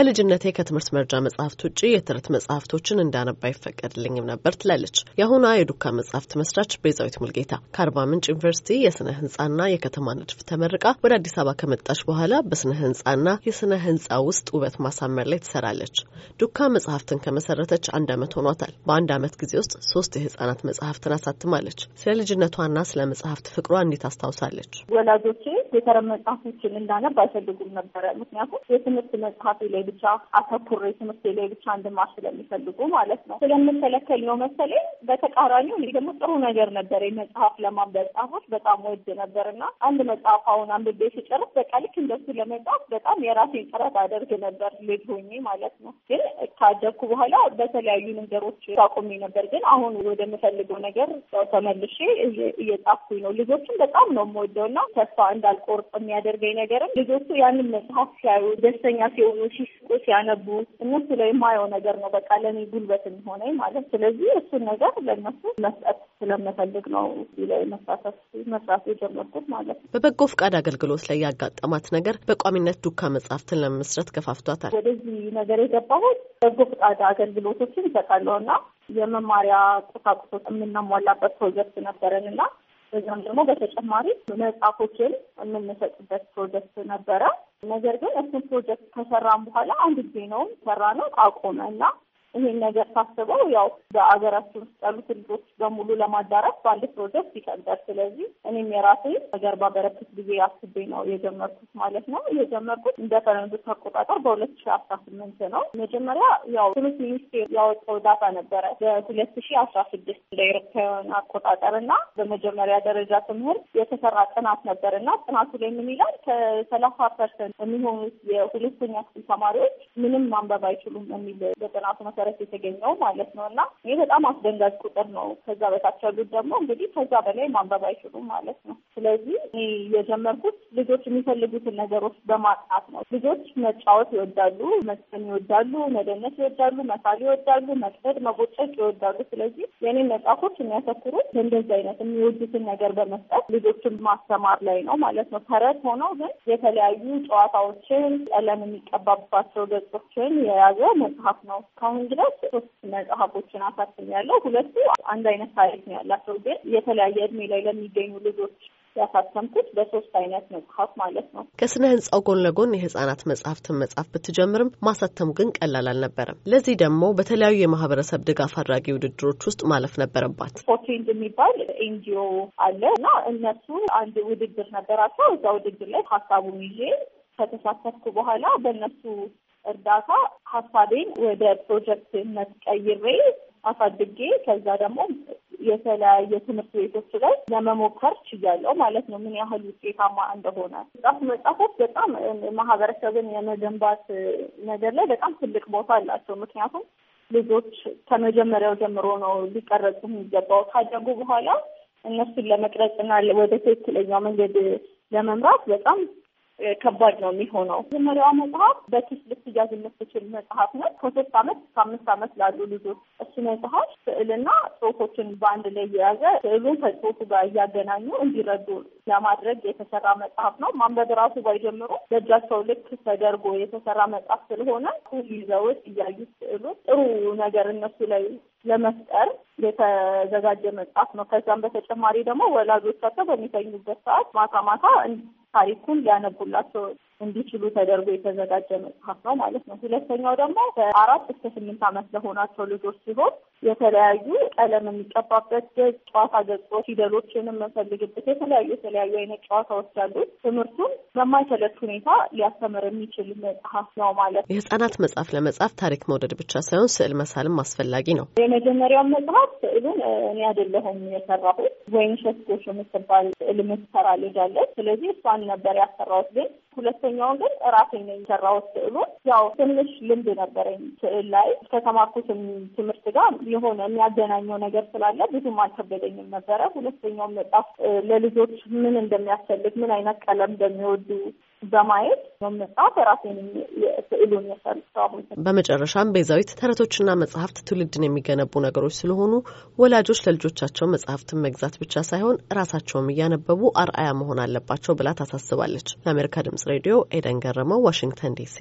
በልጅነቴ ከትምህርት መርጃ መጽሐፍት ውጭ የተረት መጽሐፍቶችን እንዳነባ አይፈቀድልኝም ነበር ትላለች የአሁኗ የዱካ መጽሐፍት መስራች ቤዛዊት ሙልጌታ ከአርባ ምንጭ ዩኒቨርሲቲ የስነ ህንጻና የከተማ ንድፍ ተመርቃ ወደ አዲስ አበባ ከመጣች በኋላ በስነ ህንጻና የስነ ህንጻ ውስጥ ውበት ማሳመር ላይ ትሰራለች። ዱካ መጽሐፍትን ከመሰረተች አንድ አመት ሆኗታል። በአንድ አመት ጊዜ ውስጥ ሶስት የህጻናት መጽሐፍትን አሳትማለች። ስለ ልጅነቷና ስለ መጽሐፍት ፍቅሯ እንዴት አስታውሳለች? ወላጆቼ የተረት መጽሐፎችን እንዳነብ አይፈልጉም ነበረ። ምክንያቱም የትምህርት መጽሐፌ ላይ ብቻ አተኩሬ ትምህርቴ ላይ ብቻ እንድማር ስለሚፈልጉ ማለት ነው ስለምንከለከል ነው መሰለኝ። በተቃራኒው እኔ ደግሞ ጥሩ ነገር ነበር መጽሐፍ ለማንበብ ጻፎች በጣም ወድ ነበር እና አንድ መጽሐፍ አሁን አንብቤ ስጨርስ በቃ ልክ እንደሱ ለመጽሐፍ በጣም የራሴን ጥረት አደርግ ነበር ልጅ ሆኜ ማለት ነው። ግን ካደኩ በኋላ በተለያዩ ነገሮች ታቆሚ ነበር። ግን አሁን ወደምፈልገው ነገር ተመልሼ እየጻፍኩኝ ነው። ልጆችን በጣም ነው የምወደው እና ተስፋ እንዳልቆርጥ የሚያደርገኝ ነገርም ልጆቹ ያንን መጽሐፍ ሲያዩ ደስተኛ ሲሆኑ ሲስ ሲያነቡ እነሱ ላይ የማየው ነገር ነው። በቃ ለእኔ ጉልበት የሚሆነ ማለት ስለዚህ እሱን ነገር ለነሱ መስጠት ስለምፈልግ ነው ላይ መሳተፍ መስራት የጀመርኩት ማለት ነው። በበጎ ፍቃድ አገልግሎት ላይ ያጋጠማት ነገር በቋሚነት ዱካ መጽሐፍትን ለመመስረት ገፋፍቷታል። ወደዚህ ነገር የገባሁት በጎ ፍቃድ አገልግሎቶችን ይሰጣለሁ እና የመማሪያ ቁሳቁሶች የምናሟላበት ፕሮጀክት ነበረን እና በዚያም ደግሞ በተጨማሪ መጽሐፎችን የምንሰጥበት ፕሮጀክት ነበረ። ነገር ግን እሱን ፕሮጀክት ከሰራን በኋላ አንድ ጊዜ ነው ሰራ ነው አቆመ እና ይሄን ነገር ታስበው ያው በአገራችን ውስጥ ያሉት ልጆች በሙሉ ለማዳረስ ባለ ፕሮጀክት ይቀንዳል። ስለዚህ እኔም የራሴ ነገር ባበረክት ጊዜ አስቤ ነው የጀመርኩት ማለት ነው። የጀመርኩት እንደ ፈረንጆች አቆጣጠር በሁለት ሺ አስራ ስምንት ነው። መጀመሪያ ያው ትምህርት ሚኒስቴር ያወጣው ዳታ ነበረ በሁለት ሺ አስራ ስድስት እንደ ኤሮፓውያን አቆጣጠር እና በመጀመሪያ ደረጃ ትምህርት የተሰራ ጥናት ነበር እና ጥናቱ ላይ ምን ይላል? ከሰላሳ ፐርሰንት የሚሆኑት የሁለተኛ ክፍል ተማሪዎች ምንም ማንበብ አይችሉም የሚል በጥናቱ መሰረት ቫይረስ የተገኘው ማለት ነው እና ይህ በጣም አስደንጋጭ ቁጥር ነው። ከዛ በታች ያሉት ደግሞ እንግዲህ ከዛ በላይ ማንበብ አይችሉም ማለት ነው። ስለዚህ የጀመርኩት ልጆች የሚፈልጉትን ነገሮች በማጥናት ነው። ልጆች መጫወት ይወዳሉ፣ መስን ይወዳሉ፣ መደነስ ይወዳሉ፣ መሳል ይወዳሉ፣ መቅደድ፣ መቦጨቅ ይወዳሉ። ስለዚህ የእኔ መጽሐፎች የሚያተኩሩት እንደዚህ አይነት የሚወዱትን ነገር በመስጠት ልጆችን ማስተማር ላይ ነው ማለት ነው። ተረት ሆነው ግን የተለያዩ ጨዋታዎችን፣ ቀለም የሚቀባባቸው ገጾችን የያዘ መጽሐፍ ነው። ከአሁን ድረስ ሶስት መጽሐፎችን አሳትም ያለው ሁለቱ አንድ አይነት ታሪክ ነው ያላቸው፣ ግን የተለያየ እድሜ ላይ ለሚገኙ ልጆች ያሳተምኩት በሶስት አይነት መጽሐፍ ማለት ነው። ከስነ ህንጻው ጎን ለጎን የህጻናት መጽሐፍትን መጽሐፍ ብትጀምርም ማሳተሙ ግን ቀላል አልነበረም። ለዚህ ደግሞ በተለያዩ የማህበረሰብ ድጋፍ አድራጊ ውድድሮች ውስጥ ማለፍ ነበረባት። ፎርትሬንድ የሚባል ኤንጂኦ አለ እና እነሱ አንድ ውድድር ነበራቸው። እዛ ውድድር ላይ ሀሳቡን ይዤ ከተሳተፍኩ በኋላ በእነሱ እርዳታ ሀሳቤን ወደ ፕሮጀክትነት ቀይሬ አሳድጌ ከዛ ደግሞ የተለያየ ትምህርት ቤቶች ላይ ለመሞከር ችያለው ማለት ነው። ምን ያህል ውጤታማ እንደሆነ መጽሐፍ መጻፎች በጣም ማህበረሰብን የመገንባት ነገር ላይ በጣም ትልቅ ቦታ አላቸው። ምክንያቱም ልጆች ከመጀመሪያው ጀምሮ ነው ሊቀረጹ የሚገባው። ካደጉ በኋላ እነሱን ለመቅረጽና ወደ ትክክለኛው መንገድ ለመምራት በጣም ከባድ ነው የሚሆነው። መጀመሪያዋ መጽሐፍ በኪስ ልትያዝ የምትችል መጽሐፍ ነው። ከሶስት አመት እስከ አምስት አመት ላሉ ልጆች እሱ መጽሐፍ ስዕልና ጽሁፎችን በአንድ ላይ የያዘ ስዕሉን ከጽሁፉ ጋር እያገናኙ እንዲረዱ ለማድረግ የተሰራ መጽሐፍ ነው። ማንበብ ራሱ ባይጀምሩ በእጃቸው ልክ ተደርጎ የተሰራ መጽሐፍ ስለሆነ ይዘውት እያዩት ስዕሉ ጥሩ ነገር እነሱ ላይ ለመፍጠር የተዘጋጀ መጽሐፍ ነው። ከዛም በተጨማሪ ደግሞ ወላጆቻቸው በሚተኙበት ሰዓት ማታ ማታ ታሪኩን ሊያነቡላቸው እንዲችሉ ተደርጎ የተዘጋጀ መጽሐፍ ነው ማለት ነው። ሁለተኛው ደግሞ በአራት እስከ ስምንት ዓመት ለሆናቸው ልጆች ሲሆን የተለያዩ ቀለም የሚቀባበት ጨዋታ ገጾች፣ ፊደሎችን የምንፈልግበት የተለያዩ የተለያዩ አይነት ጨዋታዎች ያሉት ትምህርቱን በማይሰለች ሁኔታ ሊያስተምር የሚችል መጽሐፍ ነው ማለት ነው። የህጻናት መጽሐፍ ለመጽሐፍ ታሪክ መውደድ ብቻ ሳይሆን ስዕል መሳልም አስፈላጊ ነው። የመጀመሪያውን መጽሐፍ ስዕሉን እኔ አይደለሁም የሰራሁት ወይን ሸስቶሽ የምትባል ስዕል የምትሰራ ልጅ አለች። ስለዚህ እሷን ነበር ያሰራሁት ግን ሁለተ ሁለተኛውን ግን ራሴ ነው የሰራሁት። ስዕሉን ያው ትንሽ ልምድ ነበረኝ ስዕል ላይ ከተማርኩትም ትምህርት ጋር የሆነ የሚያገናኘው ነገር ስላለ ብዙም አልከበደኝም ነበረ። ሁለተኛውን መጽሐፍ ለልጆች ምን እንደሚያስፈልግ ምን አይነት ቀለም እንደሚወዱ በማየት መጽሐፍ ራሴን ስዕሉን የሰራሁት። በመጨረሻም ቤዛዊት ተረቶችና መጽሐፍት ትውልድን የሚገነቡ ነገሮች ስለሆኑ ወላጆች ለልጆቻቸው መጽሐፍትን መግዛት ብቻ ሳይሆን ራሳቸውም እያነበቡ አርአያ መሆን አለባቸው ብላ ታሳስባለች። ለአሜሪካ ድምጽ ሬዲዮ ኤደን ገረመው፣ ዋሽንግተን ዲሲ